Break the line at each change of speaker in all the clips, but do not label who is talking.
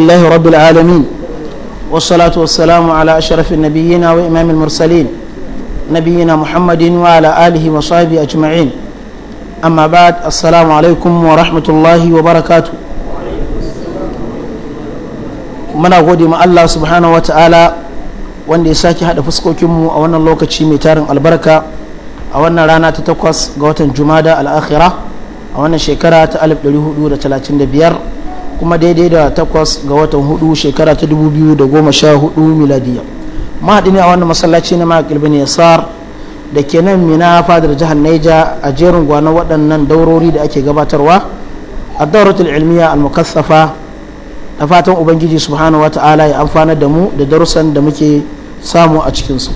لله رب العالمين والصلاة والسلام على أشرف النبيين وإمام المرسلين نبينا محمد وعلى آله وصحبه أجمعين أما بعد السلام عليكم ورحمة الله وبركاته muna gode ma Allah subhanahu wanda ya sake haɗa fuskokinmu a wannan lokaci mai tarin albarka a wannan rana ta takwas ga watan jumada al'akhira a wannan shekara ta biyar. kuma daidai da takwas ga watan hudu shekara ta dubu biyu da goma sha hudu miladiya mahadi ne a wannan masallaci na makil bin yasar da ke nan mina fadar jihar naija a jerin gwana waɗannan daurori da ake gabatarwa a dauratul ilmiya al-mukassafa da fatan ubangiji subhanahu wa ta'ala ya amfana da mu da darussan da muke samu a cikinsu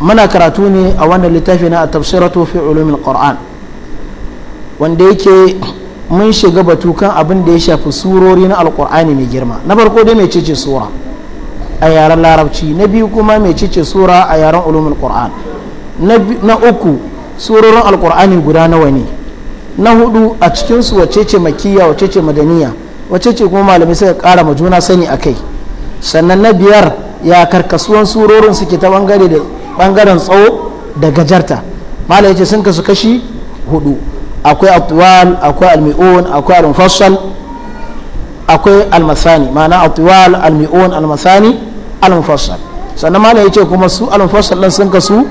muna karatu ne a wannan littafi na tafsiratu fi ulumin qur'an wanda yake mun shiga batu kan abin da ya shafi surori na alkur'ani mai girma na farko dai mai cece sura a yaren larabci na biyu kuma mai cece sura a yaren ulumin qur'an na uku surorin alkur'ani guda nawa ne na hudu a cikinsu wacece wace ce makiya wace ce madaniya wace ce kuma malamai suka kara ma juna sani a kai sannan na biyar ya karkasuwan surorin suke ta bangare da bangaren tsawo da gajarta malamai ce sun kasu kashi hudu akwai atwal akwai almi'un akwai almufassal akwai almasani ma'ana atwal almi'un almasani almufassal sannan malam ya ce kuma su almufassal ɗin sun kasu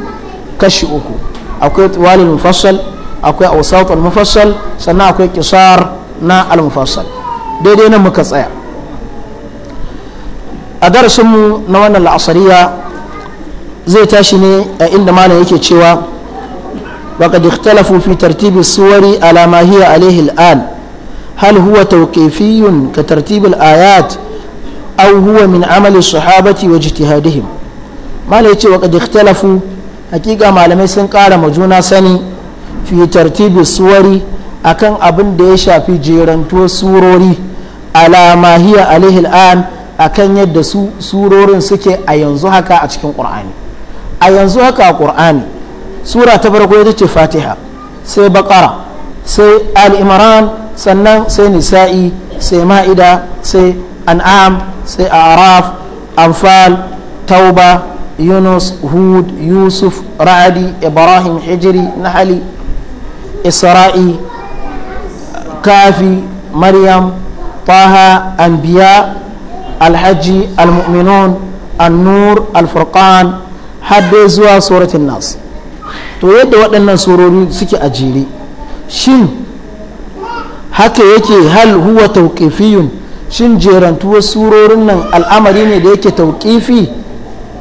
kashi uku akwai atwal almufassal akwai awsat almufassal sannan akwai kisar na almufassal daidai nan muka tsaya a darasinmu na wannan la'asariya zai tashi ne a inda malam yake cewa وقد اختلفوا في ترتيب الصور على ما هي عليه الآن هل هو توقيفي كترتيب الآيات أو هو من عمل الصحابة واجتهادهم ما ليتي وقد اختلفوا حقيقة ما لم يسن قال مجونا سني في ترتيب الصور أكن أبن ديشا في جيرانتو سوروري على ما هي عليه الآن akan yadda su surorin suke a yanzu haka a cikin ƙur'ani a yanzu haka a ƙur'ani sura ta farko ita ce fatiha sai baƙara sai al'imran sannan sai nisa'i sai ma'ida sai an'am sai araf anfal tauba yunus hud yusuf ra'adi ibrahim hijiri nahali isra'i kafi maryam طه أنبياء alhaji almuminun annur الفرقان hadde zuwa سورة to yadda waɗannan surori suke a jere shin haka yake hal huwa tauƙifiyun shin jerantuwar surorin nan al'amari ne da yake tauƙifi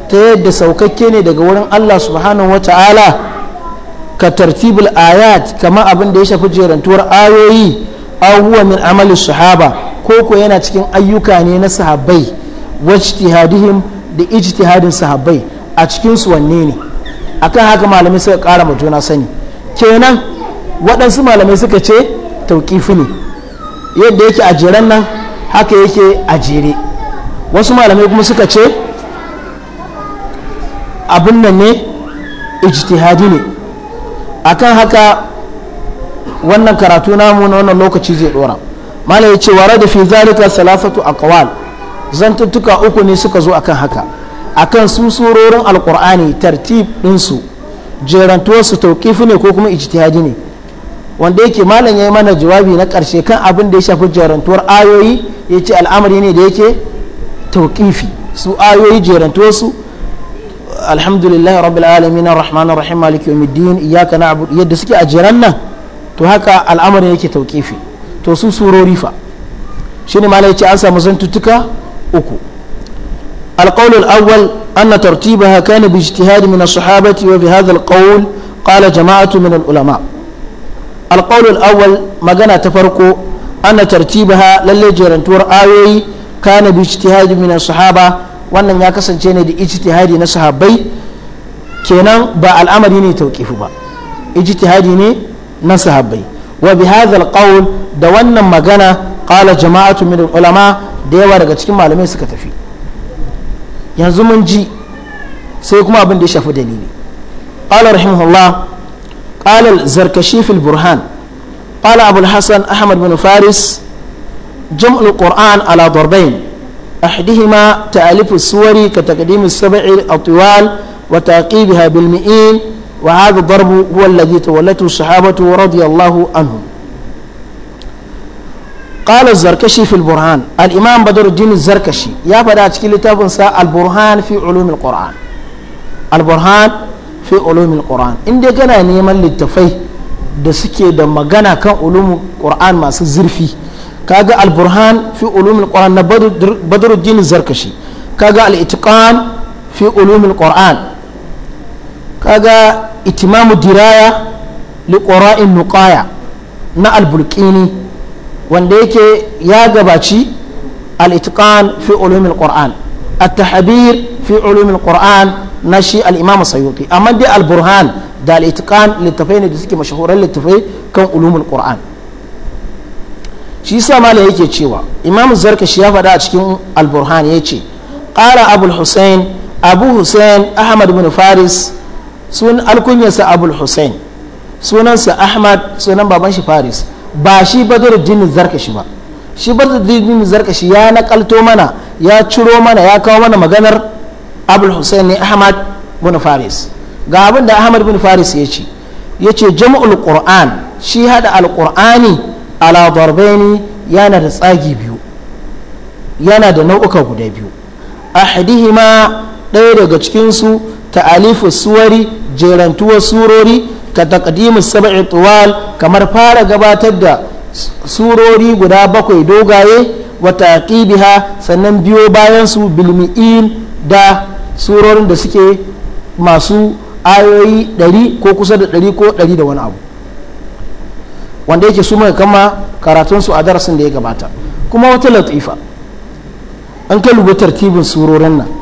ta yadda saukakke ne daga wurin allah subhanahu wa ta'ala ka tartibul ayat kamar abin da ya shafi jerantuwar ayoyi aw huwa min amalin sahaba ko ko yana cikin ayyuka ne na sahabbai wajtihadihim da ijtihadin sahabbai a cikinsu wanne ne akan haka malamai suka kara ma juna sani kenan waɗansu malamai suka ce tauƙifi ne yadda yake a jeren nan haka yake a jere wasu malamai kuma suka ce abin nan ne ijtihadi ne akan haka wannan karatu namu na wannan lokaci zai dora malamai ya ce wa da fi zalika kawal aqwal zantuttuka uku ne suka zo akan haka akan su surorin alkur'ani tartib ɗinsu jerantuwarsu taukifu ne ko kuma ijtihadi ne wanda yake malam ya yi mana jawabi na ƙarshe kan abin da ya shafi jerantuwar ayoyi ya ce al'amari ne da yake taukifi su ayoyi jerantuwarsu alhamdulillah rabbil alamin rahman rahim maliki yawmiddin iyyaka na'budu yadda suke a jeran nan to haka al'amarin yake taukifi to su surori fa shine malam ya ce an samu zantuttuka uku القول الأول أن ترتيبها كان باجتهاد من الصحابة وفي هذا القول قال جماعة من العلماء القول الأول ما قنا تفرقوا أن ترتيبها للي جيرانتور آيوي كان باجتهاد من الصحابة wannan ya kasance ne da ijtihadi na sahabbai kenan ba al'amari ne tauqifu ba ijtihadi ne na sahabbai wa bi hadha alqawl da wannan magana qala jama'atu min ulama da yawa daga cikin malamai suka tafi yanzu mun ji sai kuma abin da ya shafi dalili qala rahimahullah qala al-zarkashi fil burhan qala abu al-hasan ahmad bin faris جمع القرآن على ضربين أحدهما تأليف السور كتقديم السبع الطوال وتعقيبها بالمئين وهذا الضرب هو الذي تولته الصحابة رضي الله عنهم qala zarkashi fil burhan al imam badruddin zarkashi ya faɗa a cikin littafin sa al fi ulumil qur'an al fi ulumil qur'an in dai kana neman littafai da suke da magana kan ulumul qur'an masu zurfi kaga al burhan fi ulumil qur'an na badruddin zarkashi kaga al itqan fi ulumil qur'an kaga nuqaya na wanda yake ya gabaci al’itikan fi ulumil qur'an at-tahbir fi ulumin qur'an na shi al'imama imam amma dai al-burhan da al’itikan littafai ne da suke mashahuran littafai kan ulumin ƙor'an shi yasa mala yake cewa imam shi ya faɗa a cikin al-burhan ce ƙara abul husain abu husain ahmad bin faris sun alkunyarsa abul sunansa ahmad sunan baban shi faris ba shi badruddin zarkashi ba shi badruddin zarkashi ya nakalto mana ya ciro mana ya kawo mana maganar abul ne ahmad bin faris ga abin da ahmad bin faris ya ce ya ce jam'ul qur'an shi hada alqur'ani ala darbaini yana da tsagi biyu yana da nau'uka guda biyu ahadihima ɗaya daga cikinsu ta'alifu suwari jerantuwar surori ka taƙadimu saba'i tuwal kamar fara gabatar da surori guda bakwai dogaye wata ƙibiha sannan biyo bayan su bilmi'in da surorin da suke masu ayoyi ɗari ko kusa da ɗari ko ɗari da wani abu wanda yake su mai kama karatunsu a darasin da ya gabata kuma wata latifa an ka lubutar tibin surorin nan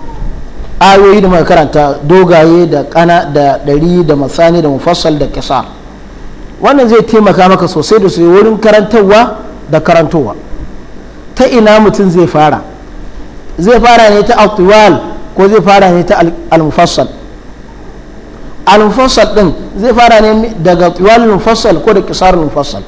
ayoyi da muka karanta dogaye da kana da ɗari da matsani da mufassal da kisa wannan zai taimaka maka sosai da sosai wurin karantarwa da karantowa ta ina mutum zai fara zai fara ne ta atwal ko zai fara ne ta al-mufassal al-mufassal din zai fara ne daga atwal mufassal ko da kisar mufassal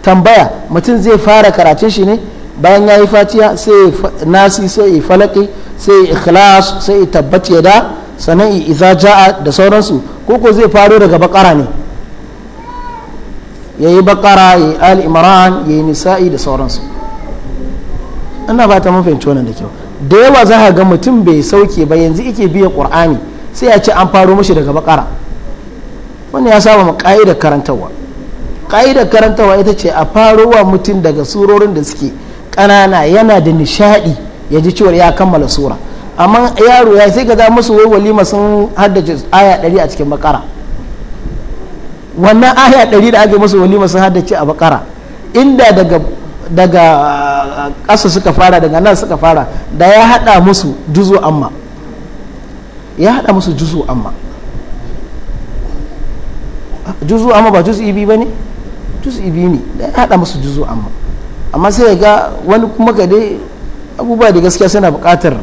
tambaya mutum zai fara karatun shi ne bayan ya yi fatiya sai nasi sai ya falaki sai ikhlas sai tabbace da sannan idza jaa da sauransu ko ko zai faro daga bakara ne yayi bakara yi al imran yi nisa'i da sauransu ina ba ta mun fahimci da kyau da yawa za ka ga mutum bai sauke ba yanzu yake biya qur'ani sai ya ce an faro mashi daga bakara wannan ya saba mu ka'idar karantarwa ka'idar karantawa ita ce a farowa mutum daga surorin da suke ƙanana yana da nishadi ya ji cewar ya kammala sura amma yaro ya sai ga za musu wai walima sun haddace aya 100 a cikin bakara wannan aya 100 da ake musu walima sun haddace a bakara inda daga daga ah, ƙasa suka fara daga nan suka fara da ya haɗa musu juzo amma ya haɗa musu juzo amma juzo amma ba juzu ibi ba ne juzu ibi ne da ya haɗa musu juzo amma amma sai ya ga wani kuma ga dai abubuwa da gaskiya suna bukatar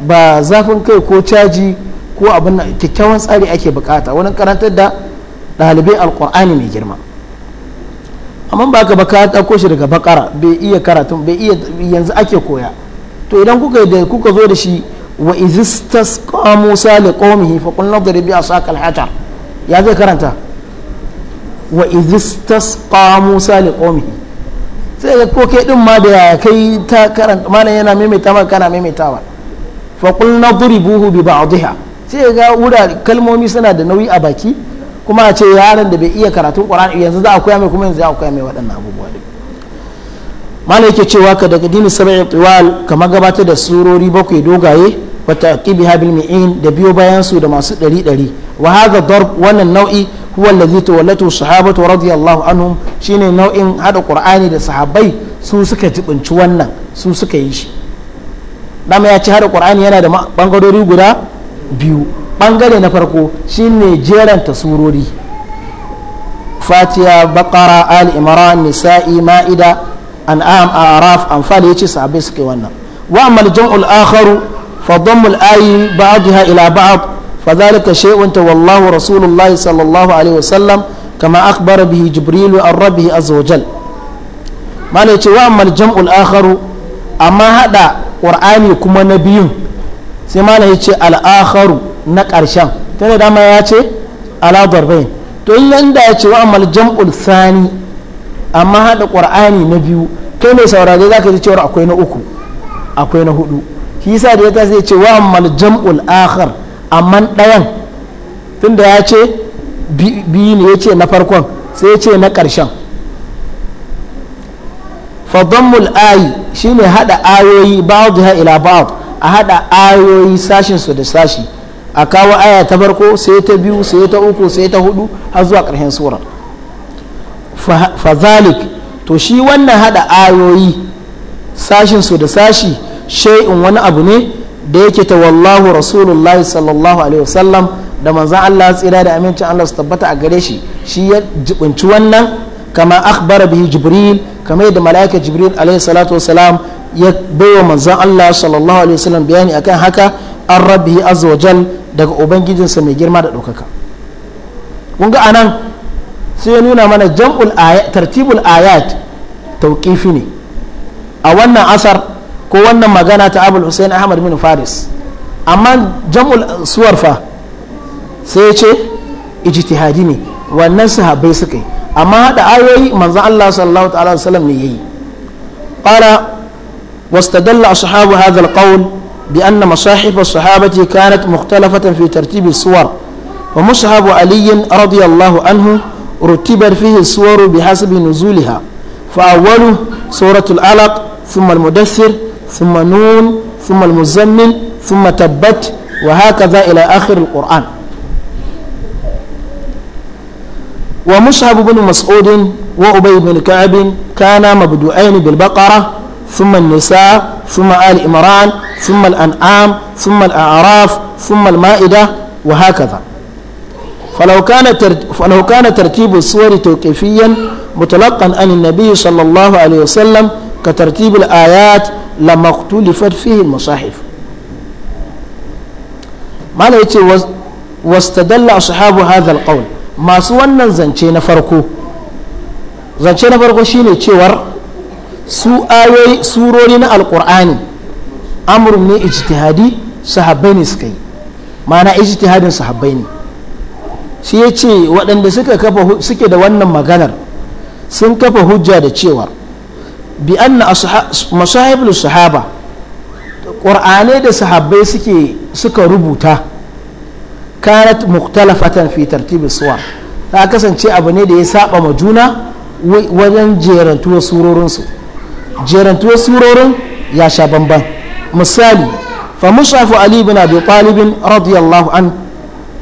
ba zafin kai ko caji ko abin kyakkyawan tsari ake bukata wani karantar da ɗalibai alƙur'ani mai girma amma ba ka baka ta shi daga bakara bai iya karatun bai iya yanzu ake koya to idan kuka da kuka zo da shi wa izistas musa li qaumihi fa qul nadrib bi asaqal hajar ya zai karanta wa izistas musa li qaumihi sai ga koke din ma da kai ta karanta malam yana maimaita ma kana maimaitawa fa qul nadribuhu bi ba'dihha sai ga wura kalmomi suna da nauyi a baki kuma a ce yaron da bai iya karatun qur'ani yanzu za a koya mai kuma yanzu za a koya mai waɗannan abubuwa din malam yake cewa ka daga dini sab'i tiwal kamar gabatar da surori bakwai dogaye wa ta'qibi habil mi'in da biyo bayan su da masu ɗari ɗari wa hadha darb wannan nau'i huwa allazi tawallatu sahabatu radiyallahu anhum shine nau'in hada qur'ani da sahabbai su suka jibinci wannan su suka yi shi dama ya ci hada qur'ani yana da bangarori guda biyu bangare na farko shine jeranta surori fatiha baqara al imran nisa'i ma'ida an'am a'raf anfal yace sahabbai suka yi wannan wa amal jam'ul akharu fa dhammul ayi ba'daha ila ba'd فذلك شيء والله رسول الله صلى الله عليه وسلم كما أخبر به جبريل عن ربه عز وجل ما نيتي وأما الجمع الآخر أما هذا قرآني كما نبي سما نيتي الآخر نكرشان تاني داما ياتي على ضربين to in da ya ce wa amal jam'ul sani amma hada qur'ani na biyu kai mai saurare zaka ji cewa akwai na uku akwai na hudu shi yasa da ya ta sai ce amma ɗayan tunda ya ce biyu ne ya ce na farkon sai ya ce na ƙarshen fadammul ayi shine haɗa ayoyi ha ila ba'd a haɗa ayoyi sashen su da sashi a kawo aya ta farko sai ta biyu sai ta uku sai ta hudu har zuwa ƙarshen sura fazalik to shi wannan haɗa ayoyi sashen su da sashi sha'in wani abu ne da yake ta wallahu rasulullahi sallallahu alaihi wasallam da manzan Allah tsira da amincin Allah su tabbata a gare shi shi ya jibinci wannan kama akhbara bihi jibril kama yadda mala'ika jibril alaihi salatu wasalam ya baiwa manzan Allah sallallahu alaihi wasallam bayani akan haka an rabbi azwajal daga daga ubangijinsa mai girma da ɗaukaka kun ga anan sai ya nuna mana jam'ul ayat tartibul ayat tawqifi ne a wannan asar ko wannan magana ta abul hussein ahmad bin faris amma jam'ul suwar fa sai ya ce ijtihadi ne wannan sahabbai suka yi amma hada ayoyi manzon Allah sallallahu ta'ala wasallam ne yayi qala wastadalla ashabu hadha alqawl bi anna masahib as-sahabati kanat mukhtalafatan fi tartib as-suwar wa mushab ali radiyallahu anhu رتبت فيه الصور بحسب fa awwalu suratul alaq ثم المدثر ثم نون ثم المزمل ثم تبت وهكذا إلى آخر القرآن ومصعب بن مسعود وأبي بن كعب كانا مبدوعين بالبقرة ثم النساء ثم آل إمران ثم الأنعام ثم الأعراف ثم المائدة وهكذا فلو كان فلو كان ترتيب السور توقيفيا متلقا عن النبي صلى الله عليه وسلم كترتيب الآيات lama tulifat fihi musahif mala yace wastadalla ashabu hadha alqawl masu wannan zance na farko zance na farko shine cewar su ayoyi surori na alƙur'ani amrun ne ijtihadi sahabbai ne suka yi ma'ana ijtihadin sahabbai ne shi yace waɗanda suke da wannan maganar sun kafa hujja da cewar bi masahibul sahaba qur'ane da sahabbai suke suka rubuta kanat muktalafatan fi tartibi suwar ta kasance abu ne da ya saba ma juna wajen jerantuwar surorinsu jerantuwar surorin ya sha bamban misali fa mushafu ali bin abi talib radiyallahu an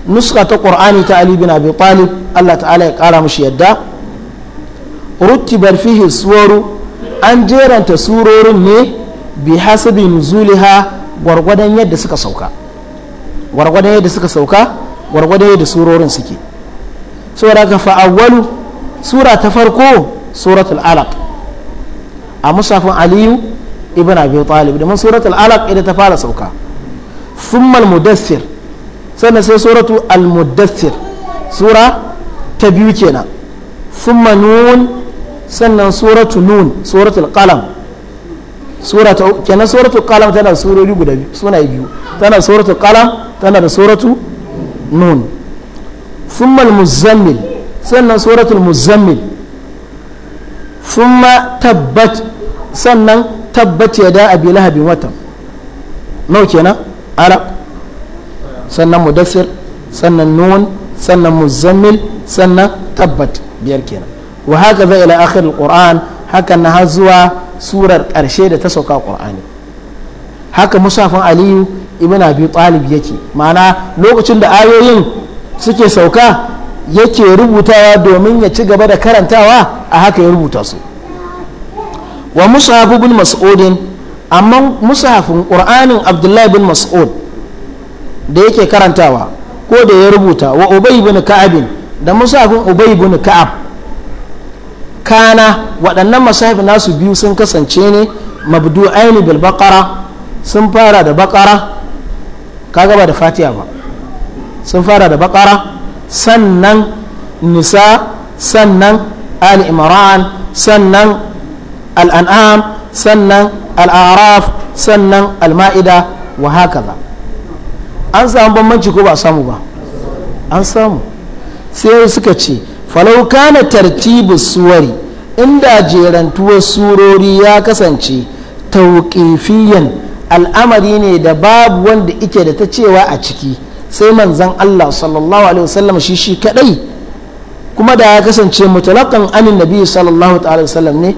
nuska ta qur'ani ta ali bin abi talib Allah ta'ala ya kara mushi yadda rutibar fihi suwaru an jeranta surorin ne bi hasabi nuzuliha gwargwadon yadda suka sauka gwargwadon yadda suka sauka gwargwadon yadda surorin suke saboda ka fa'awwalu sura ta farko suratul alaq a musafin aliyu ibn abi talib domin suratul alaq ita ta fara sauka thumma al-mudaththir sannan sai suratu al-mudaththir sura ta biyu kenan thumma nun sannan suratu nun suratu qalam suratu kenan suratu qalam tana da surori guda biyu suna biyu tana da suratul qalam tana da suratu nun thumma al-muzammil sannan suratul muzammil thumma tabbat sannan tabbat yada abi lahabin watan nau kenan ara sannan mudassir sannan nun sannan muzammil sannan tabbat biyar kenan wa haka zai ila akhir alquran haka na har zuwa surar karshe da ta sauka qur'ani haka musafin aliyu ibn abi talib yake ma'ana lokacin da ayoyin suke sauka yake rubutawa domin ya ci gaba da karantawa a haka ya rubuta su wa musaf ibn mas'udin amma musafin qur'anin abdullahi bin mas'ud da yake karantawa ko da ya rubuta wa ubay ibn ka'ab da musafin ubay ibn ka'ab kana waɗannan masahib nasu biyu sun kasance ne mabdu aini bil baqara sun fara da baqara ka gaba da fatiha ba sun fara da baqara sannan nisa sannan ali imran sannan al'an'am sannan al'araf sannan al-ma'ida wa hakaza an samu bambanci ko ba samu ba an samu sai suka ce falau kana tartibu suwari inda jerantuwar surori ya kasance tauƙifiyan al'amari ne da babu wanda ike da ta cewa a ciki sai manzan Allah sallallahu alaihi wasallam shi shi kadai kuma da ya kasance mutalaqan anin nabi sallallahu alaihi wasallam ne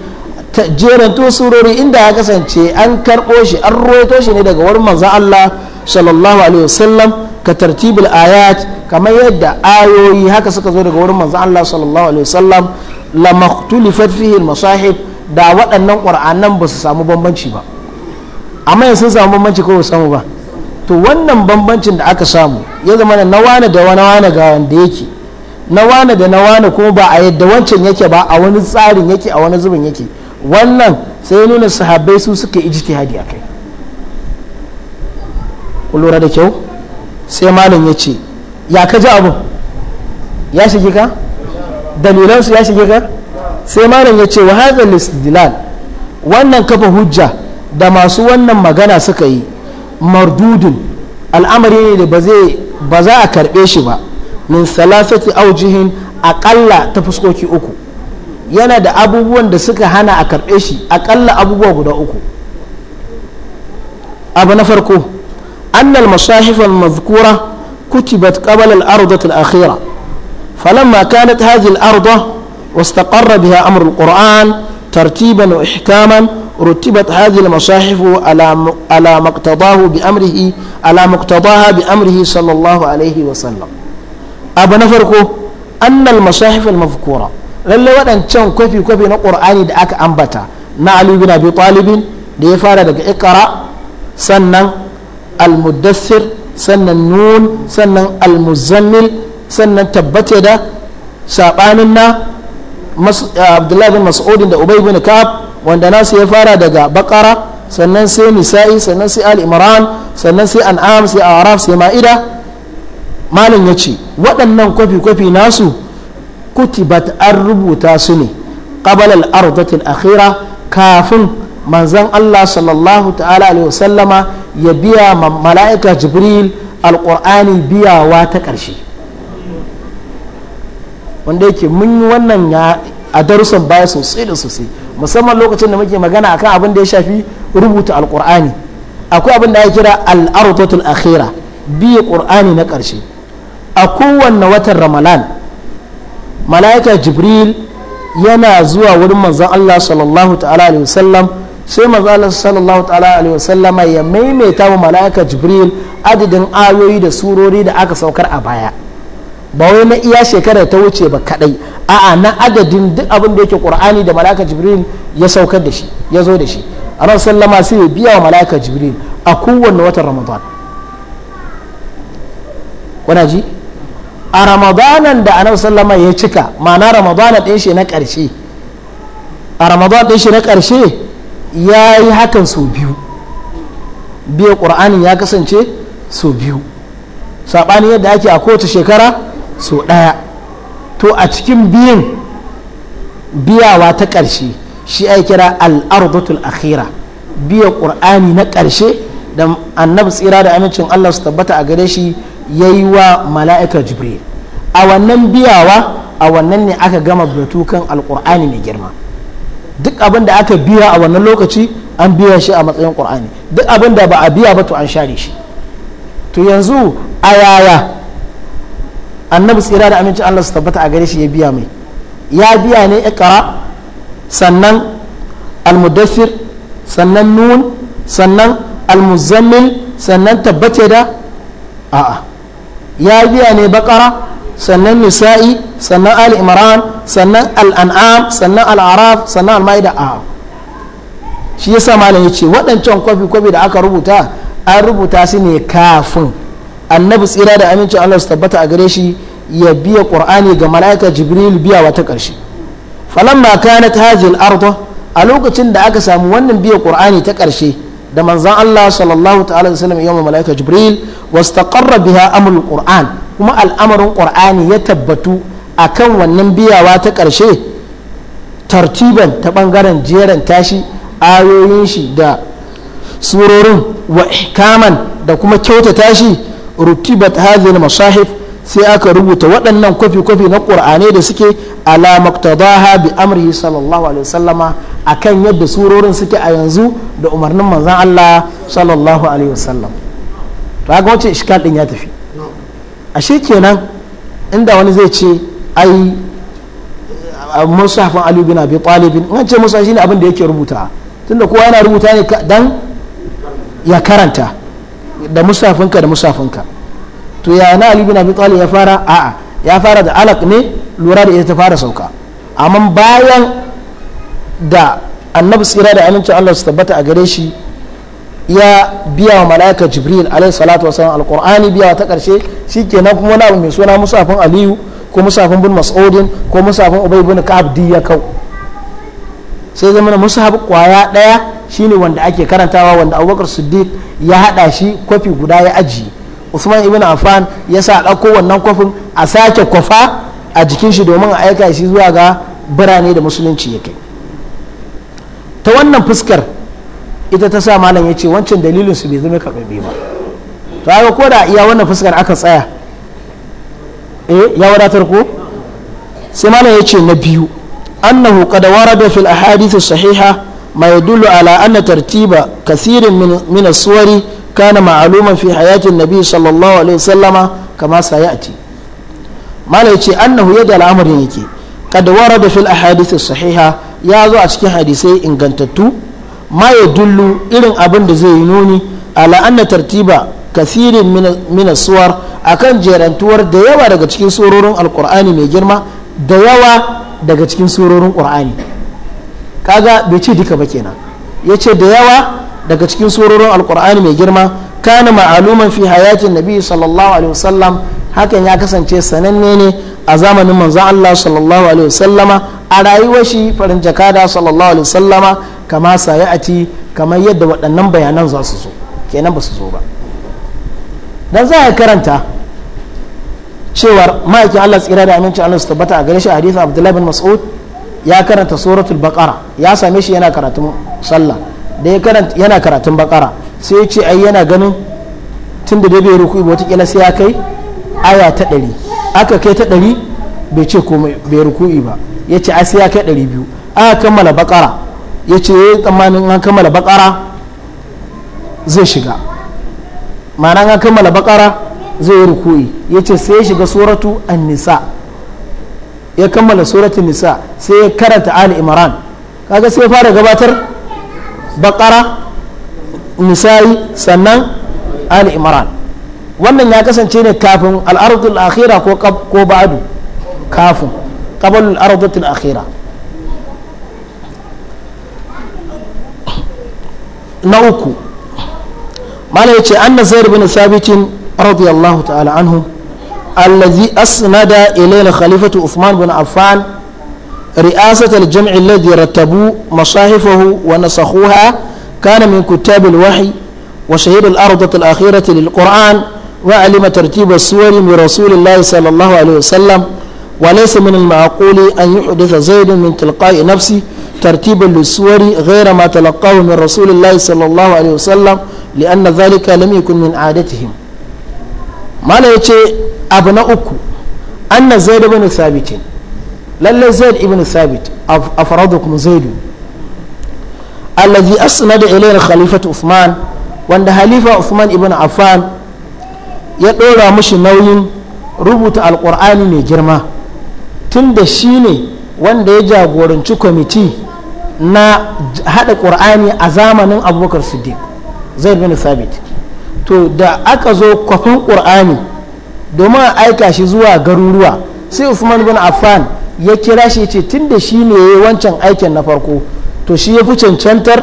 jerantuwar surori inda ya kasance an karbo shi an roto shi ne daga wurin manzan Allah sallallahu alaihi wasallam ka tartibul ayat kamar yadda ayoyi haka suka zo daga wurin manzo Allah sallallahu alaihi wasallam la maktulifat fihi al-masahib da waɗannan ƙur'anan ba su samu bambanci ba amma yanzu sun samu bambanci ko ba samu ba to wannan bambancin da aka samu ya zama na wani da wani wane ga wanda yake na wani da na wani kuma ba a yadda wancan yake ba a wani tsarin yake a wani zubin yake wannan sai nuna sahabbai su suka ijtihadi akai kai da kyau sai malam ya ce ya ka ji abu ya shige ka dalilansu ya shige ka sai malam ya ce wa hadhal istidlal wannan kafa hujja da masu wannan magana suka yi mardudin al'amari ne da ba ba za a karbe shi ba min salasati aujihin aƙalla ta fuskoki uku yana da abubuwan da suka hana a karɓe shi aƙalla abubuwa guda uku abu na farko أن المصاحف المذكورة كتبت قبل الأرضة الأخيرة فلما كانت هذه الأرضة واستقر بها أمر القرآن ترتيبا وإحكاما رتبت هذه المصاحف على على ما اقتضاه بأمره على مقتضاها بأمره صلى الله عليه وسلم أبا نفركو أن المصاحف المذكورة lalle waɗancan kwafi-kwafi na ƙur'ani da aka ambata na Ali bin Abi Talibin da ya fara daga ikara sannan almudassir sannan nun sannan almuzammil sannan tabbata da sabanin na eh, abdullahi bin mas'udin da ubay bin ka'ab wanda nasu ya fara daga bakara sannan sai nisa'i sannan sai al-imran sannan sai an'am sai araf sai ma'ida malam ya ce waɗannan kwafi-kwafi nasu kutibat an rubuta su ne qabala al akhira kafin manzan Allah sallallahu ta'ala alaihi wasallama ya biya mala'ika jibril alƙur'ani biyawa ta ƙarshe wanda yake mun yi wannan ya a darussan baya sosai da sosai musamman lokacin da muke magana akan abin da ya shafi rubuta alƙur'ani akwai abin da ya kira al'arutotul akhira biya ƙur'ani na ƙarshe a kowanne watan ramalan mala'ika jibril yana zuwa wurin manzan Allah sallallahu ta'ala alaihi wasallam sai manzo sallallahu ta'ala alaihi wasallama ya maimaita wa mala'ika jibril adadin ayoyi da surori da aka saukar a baya ba wai na iya shekara ta wuce ba kadai a'a na adadin duk abin da yake qur'ani da mala'ika jibril ya saukar da shi ya zo da shi ran sallama sai ya biya wa mala'ika jibril a kowanne watan ramadan kuna ji a ramadanan da annabi sallama ya cika ma'ana ramadanan ɗin shi na ƙarshe a ramadanan ɗin shi na ƙarshe ya yi hakan sau biyu biya ƙur'anin ya kasance sau biyu saɓanin yadda ake a kowace shekara sau ɗaya to a cikin biyan biyawa ta ƙarshe shi ai kira al'ardutul akhira biya ƙur'ani na ƙarshe da annabi tsira da amincin allah su tabbata a gare shi ya yi wa mala'ika jibril a wannan biyawa a wannan ne aka gama batukan alƙur'ani mai girma duk abin da aka biya a wannan lokaci an biya shi a matsayin ƙur'ani duk abin da ba a biya ba to an share shi to yanzu a yaya annabi tsira da aminci Allah su tabbata a gare shi ya biya mai ya biya ne ikra sannan almudassir sannan nun sannan almuzammil sannan tabbace da a'a ya biya ne bakara sannan nisa'i sannan ali imran sannan al'an'am sannan al'araf sannan al-ma'ida a shi yasa malam ya ce waɗancan kwafi-kwafi da aka rubuta an rubuta su ne kafin annabi tsira da amincin allah su tabbata a gare shi ya biya ƙur'ani ga mala'ika jibril biya wata ƙarshe falamma kanat hajil arda a lokacin da aka samu wannan biya ƙur'ani ta ƙarshe da manzan allah sallallahu ta'ala da sallam yawon mala'ika jibril wasu biha amul qur'an. kuma al'amarin ƙur'ani ya tabbatu a kan wannan biyawa ta ƙarshe tartiban ta ɓangaren jeran tashi ayoyin shi da surorin wa kaman da kuma kyauta tashi rutibat hadhihi masahif sai aka rubuta waɗannan kwafi-kwafi na ƙur'anai da suke ala maktadaha bi amrihi sallallahu alaihi wasallama kan yadda surorin suke a yanzu da umarnin manzan Allah sallallahu alaihi wasallam to ga wacce iskal din ya tafi ashe kenan inda wani zai ce ai musafin ali bin abi talibin in ce musa shine abin da yake rubuta tunda kowa yana rubuta ne dan ya karanta da musafinka da musafinka to ya na ali bin abi talib ya fara a'a ya fara da alaq ne lura da ita ta fara sauka amma bayan da annabi tsira da amincin Allah su tabbata a gare shi ya biya wa mala'ika jibril alaihi salatu wa sallam alqur'ani biya ta karshe shikenan kuma wani abu mai suna musafin aliyu ko musafin bin mas'udin ko musafin ubay bin ka'ab ya kau sai zama musaf kwaya ɗaya shine wanda ake karantawa wanda abubakar siddiq ya haɗa shi kwafi guda ya aji usman ibn affan ya sa ɗauko wannan kwafin a sake kwafa a jikin shi domin a aika shi zuwa ga birane da musulunci ya kai ta wannan fuskar ita ta sa malam ya ce wancan dalilin su bai zama karɓaɓɓe ba to a ko da iya wannan fuskar aka tsaya eh ya wadatar ko sai malam ya ce na biyu annahu qad warada fil ahadith sahiha ma yadullu ala anna tartiba kathirin min min as-suwari kana ma'luman fi hayatin nabi sallallahu alaihi wasallama kama sayati malam ya ce annahu yadda al'amarin yake qad warada fil ahadith sahiha ya zo a cikin hadisai ingantattu ma ya dullu irin abin da zai yi nuni a la'anna tartiba kasirin minasuwar a kan jerantuwar da yawa daga cikin surorin alkur'ani mai girma da yawa daga cikin surorin ƙur'ani. kaga bai ce duka ba kenan yace da yawa daga cikin surorin alkur'ani mai girma kana ma'aluman fi hayatin nabi sallallahu alaihi wasallam hakan ya kasance sananne ne a zamanin manzon Allah sallallahu alaihi wasallama a rayuwar shi farin jakada sallallahu alaihi wasallama kama saye a ci kamar yadda waɗannan bayanan za su zo kenan ba su zo ba dan za a karanta cewar ma'aikin Allah tsira da amincin Allah su tabbata a gare shi hadisi Abdullahi bin Mas'ud ya karanta suratul baqara ya same shi yana karatun sallah da ya karanta yana karatun baqara sai ya ce ai yana ganin tun da bai ruku wata kila sai ya kai aya ta ɗari aka kai ta ɗari bai ce komai bai ruku'i ba ya ce sai ya kai ɗari biyu a kammala bakara ya ce ya yi tsammanin an kammala bakara zai shiga ma'ana an kammala bakara zai yi rukui ya ce sai ya shiga suratu an nisa ya kammala suratu nisa sai ya karanta ali imran kaga sai ya fara gabatar bakara nisa'i sannan ali imran wannan ya kasance ne kafin al'ardul akhira ko ba'adu kafin قبل الأرضة الأخيرة نوكو ما لا أن زير بن ثابت رضي الله تعالى عنه الذي أسند إلينا خليفة عثمان بن عفان رئاسة الجمع الذي رتبوا مصاحفه ونسخوها كان من كتاب الوحي وشهيد الأرضة الأخيرة للقرآن وعلم ترتيب السور من رسول الله صلى الله عليه وسلم وليس من المعقول أن يحدث زيد من تلقاء نفسه ترتيبا للسور غير ما تلقاه من رسول الله صلى الله عليه وسلم لأن ذلك لم يكن من عادتهم ما لا يتي أبناؤكم أن زيد بن ثابت للا زيد بن ثابت أفرادكم زيد الذي أسند إلينا خليفة عثمان وأن خليفة عثمان بن عفان يدور مش نوين rubuta alkur'ani mai girma tun da shi ne wanda ya jagoranci kwamiti na haɗa ƙur'ani a zamanin abubakar siddiq zai bin sabit to da aka zo kwafin ƙur'ani domin a aika shi zuwa garuruwa sai usman bin affan ya kira shi ce tun da shi ne ya yi wancan aikin na farko to shi ya fi cancantar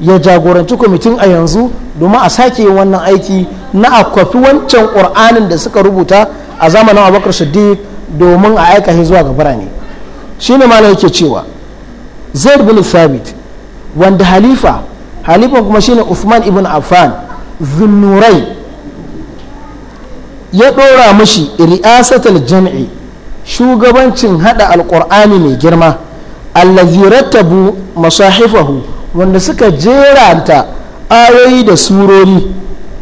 ya jagoranci kwamitin a yanzu domin a sake yin wannan aiki na a kwafi wancan ƙur'anin da suka rubuta a zamanin abubakar siddiq domin a aika shi zuwa ga birane shi ne malam yake cewa zaid bin thabit wanda halifa halifa kuma shine usman ibn affan zunnurai ya ɗora mashi ri'asatul jam'i shugabancin hada alƙur'ani mai girma allazi rattabu masahifahu wanda suka jeranta ayoyi da surori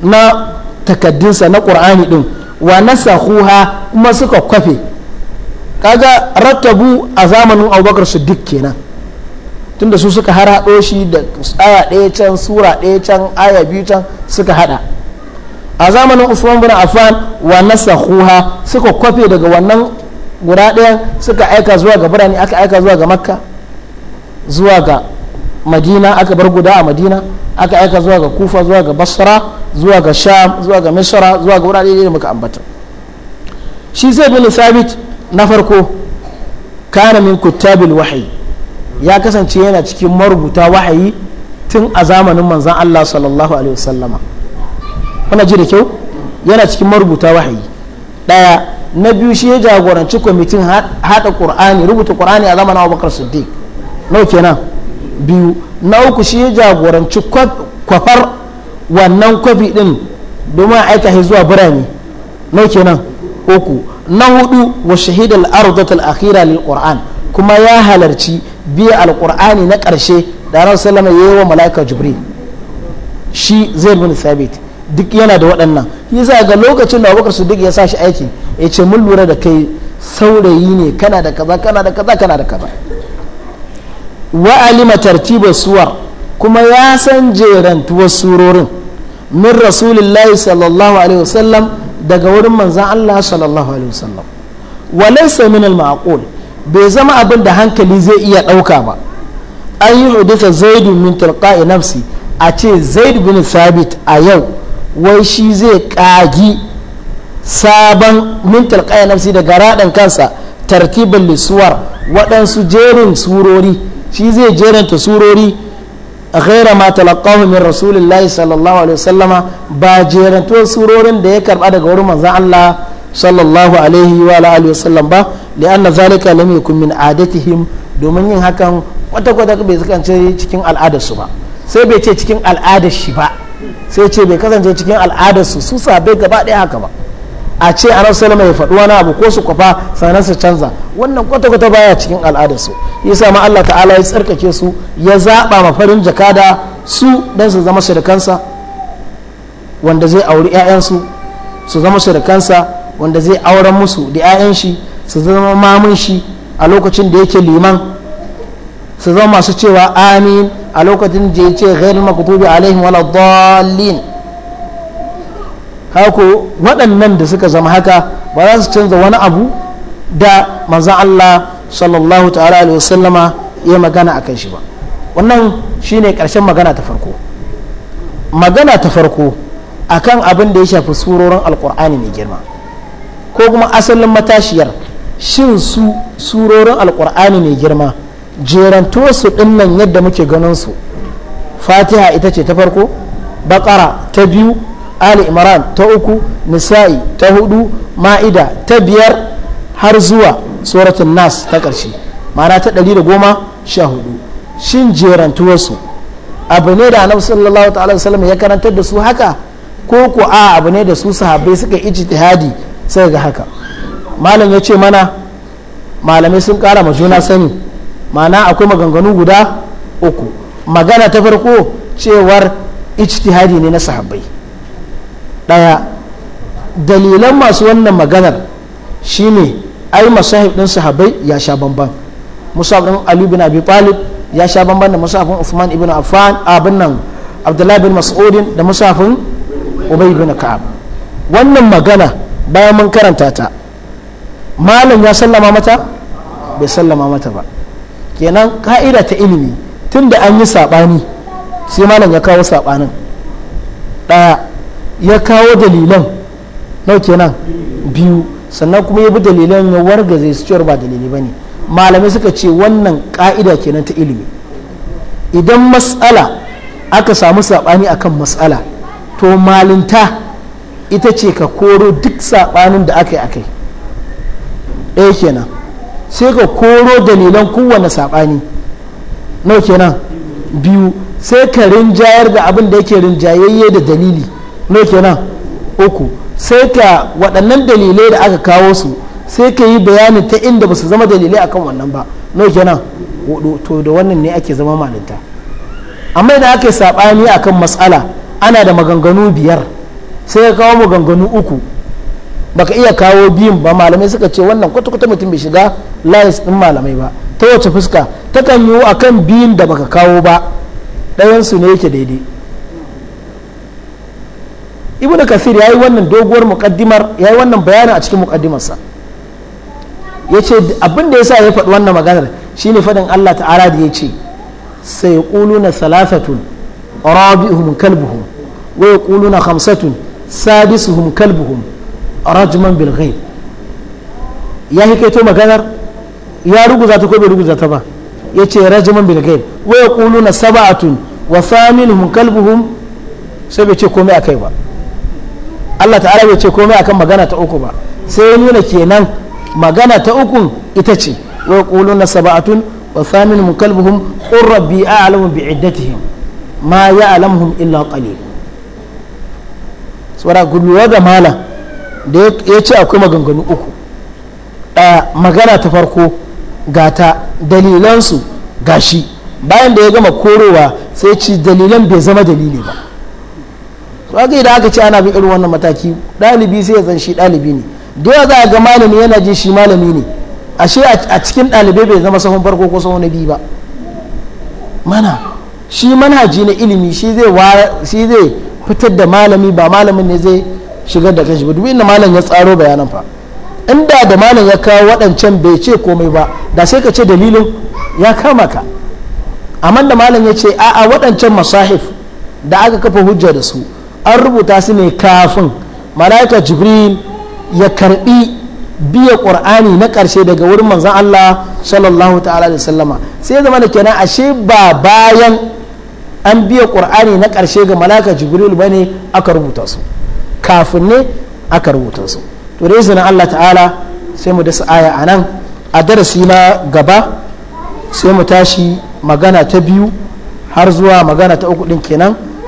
na takaddunsa na ƙur'ani din wa nasahuha kuma suka kwafe kaga rattabu a zamanin abubakar duk kenan tunda su suka har haɗo shi da aya ɗaya can sura ɗaya can aya biyu can suka haɗa a zamanin usman bin affan wa nasakhuha suka kwafe daga wannan guda daya suka aika zuwa ga birane aka aika zuwa ga makka zuwa ga madina aka bar guda a madina aka aika zuwa ga kufa zuwa ga basra zuwa ga sham zuwa ga misra zuwa ga wurare da muka ambata shi zai bin sabit na farko kana min kuttabil wahayi ya kasance yana cikin marubuta wahayi tun a zamanin manzan Allah sallallahu alaihi wasallama kuna ji da kyau yana cikin marubuta wahayi daya na biyu shi ya jagoranci kwamitin hada qur'ani rubuta kur'ani a zamanin Abubakar Siddiq nau kenan biyu na uku shi ya jagoranci kwafar wannan kwafi din domin aika zuwa birane nau kenan uku na hudu wa shahid al-ardat al-akhira lil qur'an kuma ya halarci biya al na karshe da ran sallama yi wa malaika jibril shi zai bin sabit duk yana da waɗannan za ga lokacin da su duk ya sa shi aiki ya ce mun lura da kai saurayi ne kana da kaza kana da kaza kana da kaza wa alima tartiba suwar kuma ya san jerantuwar surorin min rasulillahi sallallahu alaihi wasallam daga wurin manzan Allah sallallahu alaihi wasallam walaysa min al-ma'qul bai zama abin da hankali zai iya ɗauka ba an yi hudita zaid min tilqa'i nafsi a ce zaid bin sabit a yau wai shi zai kagi sabon min tilqa'i nafsi daga radan kansa tartibin lisuwar waɗansu jerin surori shi zai jeranta surori ghaira ma talaqahu min rasulillahi sallallahu alaihi wasallama ba jerantuwar surorin da ya karba daga wurin manzon Allah sallallahu alaihi wa alihi wasallam ba li'anna zalika lam yakun min adatihim domin yin hakan wata kwata bai kasance cikin al'adar su ba sai bai ce cikin al'adar shi ba sai ce bai kasance cikin al'adar su su sabai gaba daya haka ba a ce a rasu mai faɗi wani abu ko su kwafa sannan su canza wannan kwata-kwata baya cikin al'adar su yasa ma Allah ta'ala ya tsarkake su ya zaɓa ma farin jakada su don su zama shirikansa wanda zai auri 'ya'yansu su zama shirikansa wanda zai auren musu da 'ya'yan shi su zama mamun shi a lokacin da yake liman su zama masu cewa amin a lokacin da ya ce ghairul maktubi alaihim wala dallin hako waɗannan da suka zama haka ba za su canza wani abu da manzan Allah sallallahu ta'ala alaihi wasallama ya magana akan shi ba wannan shine ƙarshen magana ta farko magana ta farko akan abin da ya shafi surorin alkur'ani mai girma ko kuma asalin matashiyar shin su surorin alkur'ani mai girma jeranto su dinnan yadda muke ganin su fatiha ita ce ta farko bakara ta biyu ali imran ta uku nisa'i ta hudu ma'ida ta biyar har zuwa suratun nas ta ƙarshe ma'ana ta ɗari da goma sha hudu shin jerantuwarsu abu ne da annabi sallallahu ta'ala wasallam ya karantar da su haka ko ko a abu ne da su sahabbai suka ijtihadi sai ga haka malam ya ce mana malamai sun kara ma juna sani ma'ana akwai maganganu guda uku magana ta farko cewar ijtihadi ne na sahabbai ɗaya dalilan masu wannan maganar shine ai masahib din sahabai ya sha bamban musab ali bin abi talib ya sha bamban da musafin usman ibn Affan abin nan Abdullahi bin Mas'udin da musafin Ubay bin Ka'ab wannan magana bayan mun karanta ta malam ya sallama mata bai sallama mata ba kenan ka'ida ta ilimi tunda an yi sabani sai malam ya kawo sabanin daya ya kawo dalilan nau kenan biyu sannan kuma ya bi dalilan ya zai su ba dalili ba ne malamai suka ce wannan ka'ida kenan ta ilimi idan matsala aka samu saɓani akan matsala to malinta ita ce ka koro duk saɓanin da aka yi aka yi ɗaya eh kenan sai ka koro dalilan kowane saɓani nau kenan biyu sai ka rinjayar da abin da yake rinjayayye da dalili no kenan uku sai ka waɗannan dalilai da aka kawo su sai ka yi bayani ta inda ba su zama dalilai akan wannan ba no kenan hudu to da wannan ne ake zama malinta amma idan aka yi saɓani akan matsala ana da maganganu biyar sai ka kawo maganganu uku baka iya kawo biyun ba malamai suka ce wannan kwata-kwata mutum bai shiga layis ɗin malamai ba ta wace fuska ta takan yiwu akan biyun da baka kawo ba ɗayansu ne yake daidai ibnu kasir yayi wannan doguwar muqaddimar yayi wannan bayanin a cikin muqaddimarsa yace abin da yasa ya faɗi wannan maganar shine faɗin Allah ta'ala da yace sai yaquluna thalathatun rabi'uhum kalbuhum wa yaquluna khamsatun sadisuhum kalbuhum rajman bil ghaib ya hikaito maganar ya ruguza ta ko bai ruguza ta ba yace rajman bil ghaib wa yaquluna sab'atun wa thaminuhum kalbuhum sai bai ce komai akai ba Allah ta'ala bai ce komai akan magana ta uku ba sai ya nuna kenan magana ta uku ita ce wa yaquluna sab'atun wa thaminuhum kalbuhum qur rabbi a'lamu bi'iddatihim ma ya'lamuhum illa qalil sura gulwa da malam da ya ce akwai maganganu uku magana ta farko ga gata dalilansu gashi bayan da ya gama korowa sai ce dalilan bai zama dalili ba to aka idan aka ce ana bin irin wannan mataki ɗalibi sai ya zan shi ɗalibi ne dole za a ga malami yana ji shi malami ne ashe a cikin ɗalibai bai zama sahun farko ko sahun na biyu ba mana shi manhaji na ilimi shi zai fitar da malami ba malamin ne zai shigar da kashi ba duk inda malam ya tsaro bayanan fa inda da malam ya kawo waɗancan bai ce komai ba da sai ka ce dalilin ya kama ka amma da malam ya ce a'a waɗancan masahif da aka kafa hujja da su an rubuta su ne kafin malaika jibril ya karbi biya ƙur'ani na ƙarshe daga wurin manzon Allah sallallahu ta'ala alaihi sallama sai zama da kenan ashe ba bayan an biya ƙur'ani na ƙarshe ga malaika jibril ba ne aka rubuta su kafin ne aka rubuta su to da izinin Allah ta'ala sai mu dasa aya anan a darasi na gaba sai mu tashi magana ta biyu har zuwa magana ta uku din kenan